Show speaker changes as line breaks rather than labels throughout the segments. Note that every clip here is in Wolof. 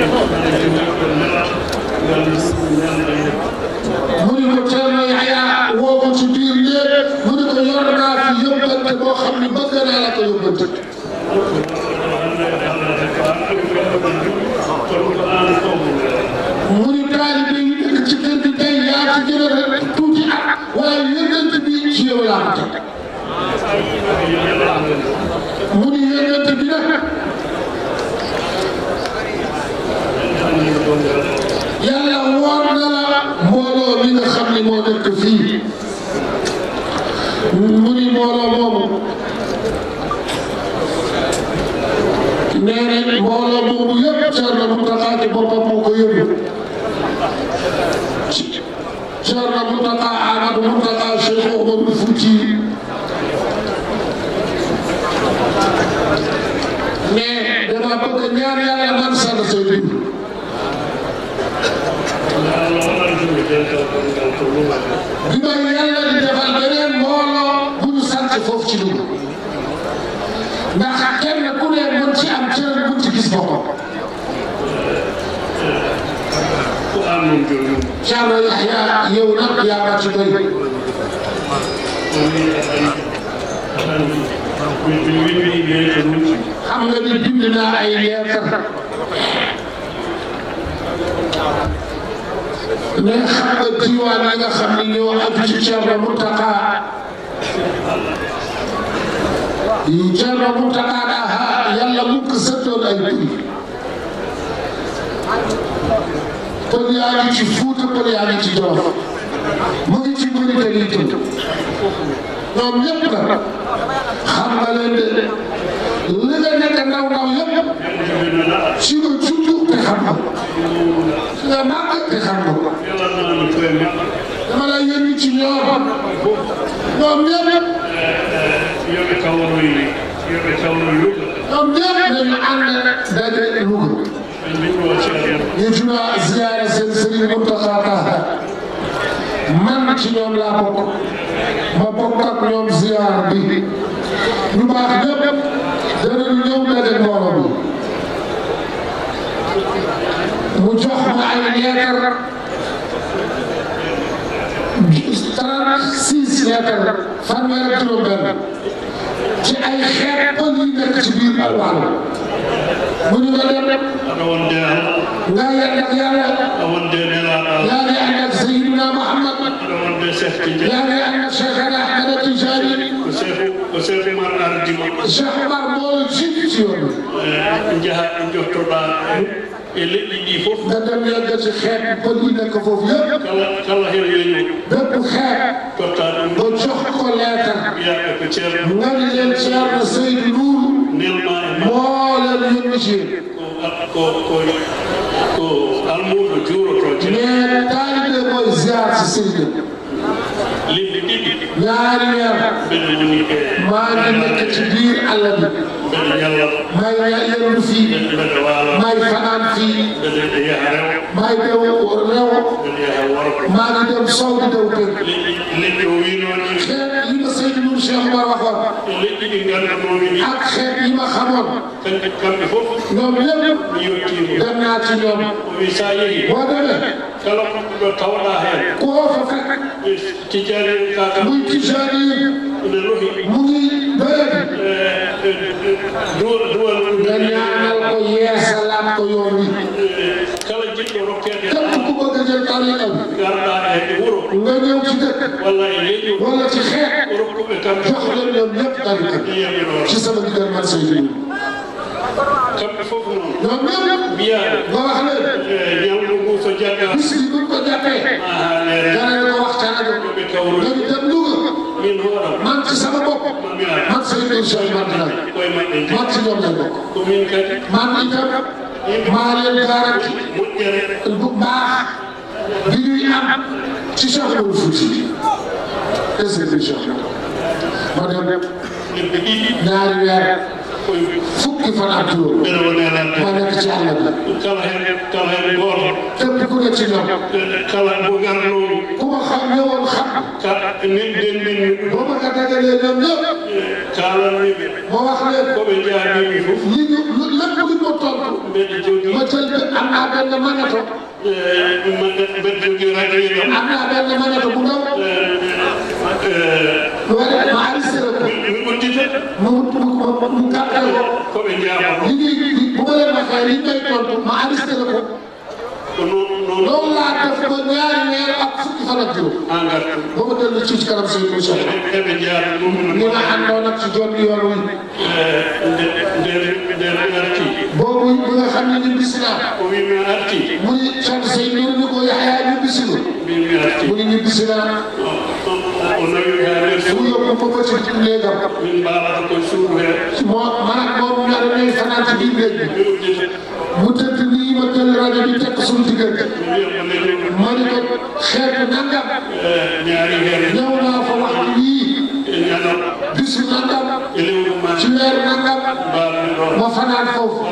全然。nee nañ mbooloo boobu yëpp Thierno Mountakha ci boppam moo ko yóbbu. Thierno Mountakha Ahmadou Mountakha Cheikh Oumar Fouti mais dama bëgg ñaan yàlla man sant sëriñ bi. di may yàlla di defal beneen mbooloo bu ñu sant foofu ci dugub. ndax kenn ku ne mën ci شام يحيى يونا يا رجلي حمد بدنا عيالك من خط الديوان انا خليني وقفت شاب المنطقه شاب المنطقه yàlla mu ngi ko seetoon ay tur kon yaa ci Fuuta kon yaa ngi ci ci Mauritanie itam ñoom ñëpp nag xam nga leen de li nga nekk ndaw ndaw yëpp ci nga juddu ci nga màgg te xam nga dama ci ñoom ñoom ñëpp. لم يعلم عن بدء الوجود يجمع زيارة سلسلة المنتقى طه man ci ñoom laa bokk ma bokk ak ñoom ziar bi ñu baax ñëpp danañu ñëw daje mbooloo bi mu jox ma ay leetar trente six leetar fanweer juróom benn ci ay xeetal yu nekk ci biir alwaan mu ñu nga leen rek nga leen nag yàlla yaa ngi ànd ak Seydina Muhammad yaa ngi ànd ak Cheikhana Ahmada Tijani Cheikh Omar moo jiitu ci yoon e leɗɗi ɗi fof gaddan yeggete xeet gonɗi nekk foof yëpp kala kala hen leño bépp xeet totta ɗum jàppee ko Thierno. nga di leen Thierno Seydou Nour. néew naa leen moo leen yónni si. ko ko ko almuudu juurotoo ci. mais taalibe mooy ziar si Seydou. ñaari weer maa ngi nekk ci biir àll bi may yendu fii may fanaan fii may dew rew maa ngi dem sow di dew kër xeet yi ma sëñ Nour Cheikh Omar waxoon ak xeet yi ma xamoon ñoom ñëpp dem naa ci ñoom boo demee kala ɗo tawɗa hen goto fof tijani muy tijani ene rohi mugi beeɗi duwal duwal ɓe ñaanal ko yeesalam ko yoni kala jiɗɗo rokkede kamɓe ko ɓoga jen tariqam garɗa e wuro nga ñew ci dëkk walla e leydi walla ci xeet rokkuɓe kam jox len ñoom ñëpp tariqam ci sama ndigal man seydi kamɓe fof noon ñoom ñëpp mbiyaɓe ba wax len so jaɓɓe misiri ɗum ko jaɓɓe janane ko waxtaade yoɓe demluga min hoora mante sama bopp man seydi usay mantinal mantinomne bokk komin kadi man itam maalen garanti bu baax bi ñuy am ci soxla wu fuuti et c'est des soxla ma dem ñaari weer fukki fan ak juróom moo nekk ci àll bi képp ku ne ci ñoom ku ma xam ñëwoon xam boo ma ko dagalee ñoom ñëpp ma wax leen li ñu lépp lu ma tontu ma jël bi am naa benn manato am naa benn manato bu ndaw Euh, ma ari sira mu mu gàttal ko li ñuy bu ma leen waxee li ñu koy tontu ma ari sira ko loolu laa def ba ñaari weer ak fukki fan ak juróom ah, ba ma dellu ci kanam si muy soxla ñu ma àndoon ak ci doon yoon wi euh, boobu bi nga xam ne ñu bis naa muy sant say ñu ko yaxyaa ñu bis na mu ne ñu bis naa o nawi haanen wuyo ko fofosi leegam min mbaɗata koye suudu hee mo mana moom ñaɗane fanata dimɓeji mo tentinima tele radio ɗi tekka sum tigen mani ko xeeto nangam eh, ñaari heen ñawna fo waxtu wi eh, bisu nangam eh, weer nangam ma fanaan foofu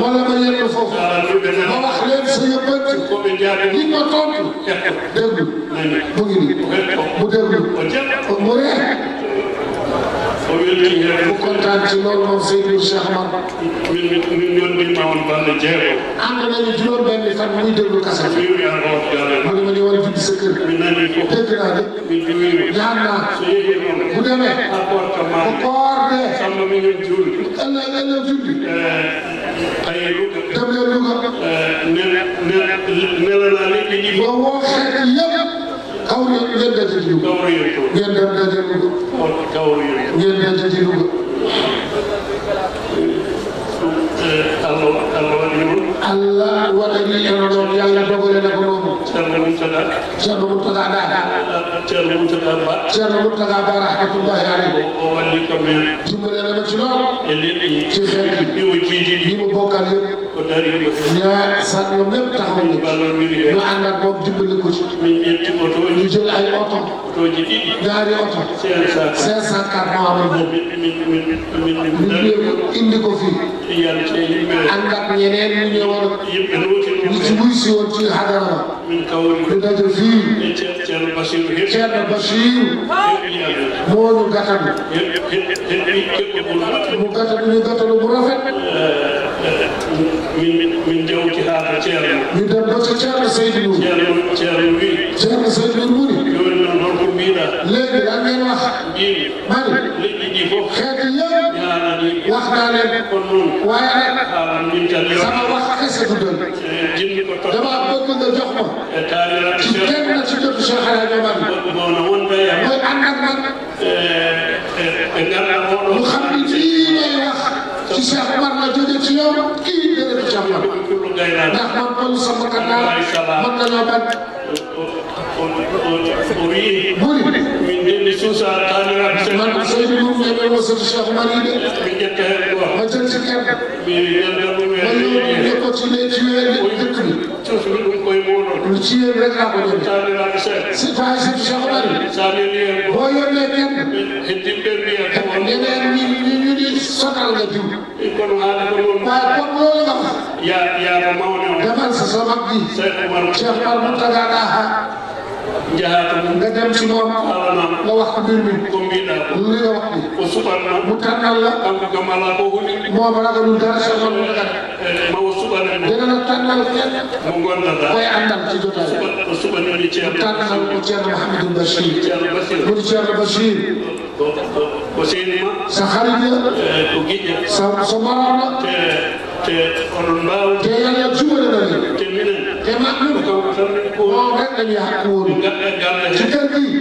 wala ma yenn foofu ma wax leen sa yëppante li ma tontu déglu mu ngi nii mu déglu mu reer mu kontaan ci loolu moom Seydou Cheikh Amar am na jéego. ànd nañu juróom benni fan muy déglu kasa bi. mu ne ma ni war a jubbi sa kër. dégg naa de. jaar naa. bu demee. bu koor dee. allah allah julli. dem leen Louga. Eh, ne la naa li ñuy. boo woo xeet yëpp. kaw ngeen ngeen dajati Louga. ngeen dem dajati Louga. ngeen dajati Louga. allah waɗani eno ɗon yo allah dogorene ko noon ceerno murtada ceerno murtada da ceerno murtada ba ceerno murtada ba rahmatullahi aleyh o walli kamɓe jumbaɗenema ci noon e leɗɗi ci heeɗi ɗimo jiidiɗi ɗimo bokkal yeb ko dari ña sanno même taxawni no andat moom dimbali ko ci min ƴetti oto ñu jël ay oto otoji ɗiɗi gaari oto cinq cent quatre moamadou min indi ko fii ànd ak ñeneen ñu ñëwoon ñu ci wuy si woon ci xadara ñu daje fii Ceerno Bachir moo ñu gàttal mu gàttal ñu gàttal bu rafet ñu dem ba ci Ceerno Seydou Ceerno Seydou mu ni léegi da ngeen wax ma ni xeeti yëpp waxtaanee waaye nag sama wax kese du doon dama bëgg nga jox ma ci kenn ci jotu Cheikh El Hadj Omar mooy ànd ak man mu xam ni lii ngay wax ci Cheikh Omar la jóge ci yow kii dëgg ci am ndax man sama kàllaama mën nañoo guri min denndi suusa taniraɓe seydi ɗum ɓeɓe wasata cheikh mari de min ƴetta hen ko ma jalti hen mi yaldaɗumekoti leydi weeɗe jettumi cosmi ɗum koye muɗon no ciyen rennaɓe ɗon taniraɓe seeɗa si tawi seydi cheikh mari sa neni hen ko boyonne ken heddimɓe mbiya nenen min yiɗi sotal ga diw kono haala ko noon ɓa potnolgam ya ya ko mawne o jaman so so mabbi cheikh mar moutagaɗa ha jahaatu nga dem si moom nga wax mbir mi li nga wax nii ko suɓanna mu tànnal la gamala bohuni moom ragalul dara sa xol mu ragal mawo suɓana dina la tànnal kenn mo gondata koy àndal ci jotaay ko suɓanani ceerno tànnal ko ceerno mahamadou bachir mu di ceerno bachir ko seynima sa xarit la eh, sa sa morom la te onon mbawa moom rek la ñu yàq woon ci kër gi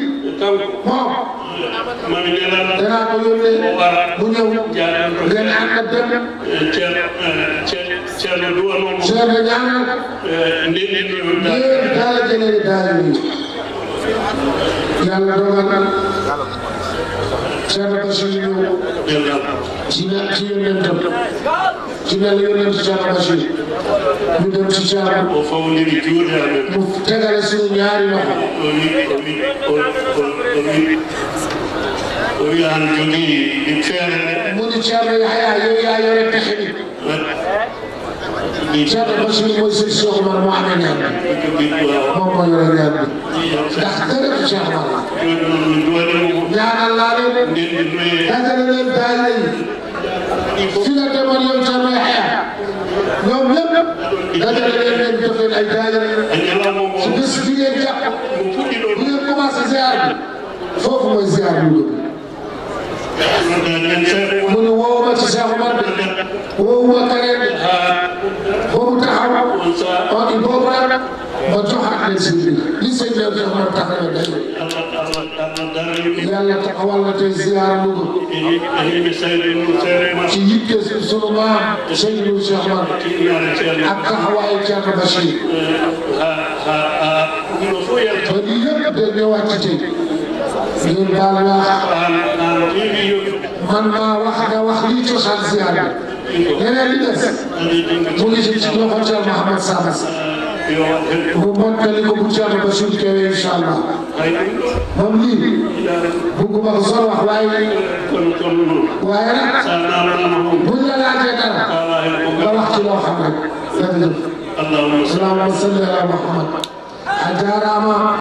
moom danaa ko yónnee mu ñëw ngeen ànd ak dem ceerno du amoon ceerno ñaanal yéen daal jëlee daal yi yàlla dogal na Thierno Bachir yow ci na ci yonentam ci na la yonent Thierno Bachir ñu dem ci Thierno mu tegale suñu ñaari loxo ويعني من فعل من شر الحياة يا يا يا Sada Basri Moise Sheikh Omar Mohamed Yahya. Mama Yoro Yahya. Ndax tërëb Cheikh Omar. Ñaanal laa leen. Dajale leen daal leen. Fi la demoon yow ca may xeex. ñoom ñëpp dajale leen leen def leen ay daajale. Su bés bi ngeen jàpp. Bu ngeen commencé ziar bi. Foofu mooy ziar bu mun wowma to cheikh omarɓe wowma kareɓe homo tahaw on e bobraɗa mo johatɗen sirrila ɗiseɗe cheikh omar tahawa daño yalla taka wallate ziyara mugo ci yitte sunu maam seydu cheikh omar ak tahawa e ceerno bachir hoɗi yebde ne wattite سيد بالله man maa wax nga wax lii cosaan ziar bi leneen li des mu ngi si loxo Thierno Mohamed Samas bu mottali ko bu Thierno Bachir Kébé incha allah moom lii bugguma ko sol wax waaye waaye nag buñ la laajee dara nga wax ci loo xam rek jërëjëf salaamaaleykum wa rahmatulah.